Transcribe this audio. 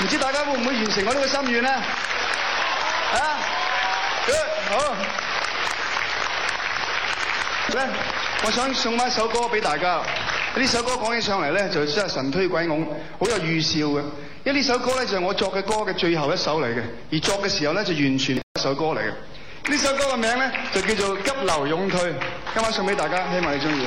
唔知大家會唔會完成我呢個心願咧？啊，好，咧，我想送翻一首歌俾大家。呢首歌講起上嚟咧，就真係神推鬼拱，好有預兆嘅。因為呢首歌咧就係我作嘅歌嘅最後一首嚟嘅，而作嘅時候咧就完全係一首歌嚟嘅。呢首歌嘅名咧就叫做《急流勇退》，今晚送俾大家，希望你中意。